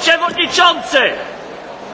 Przewodniczący!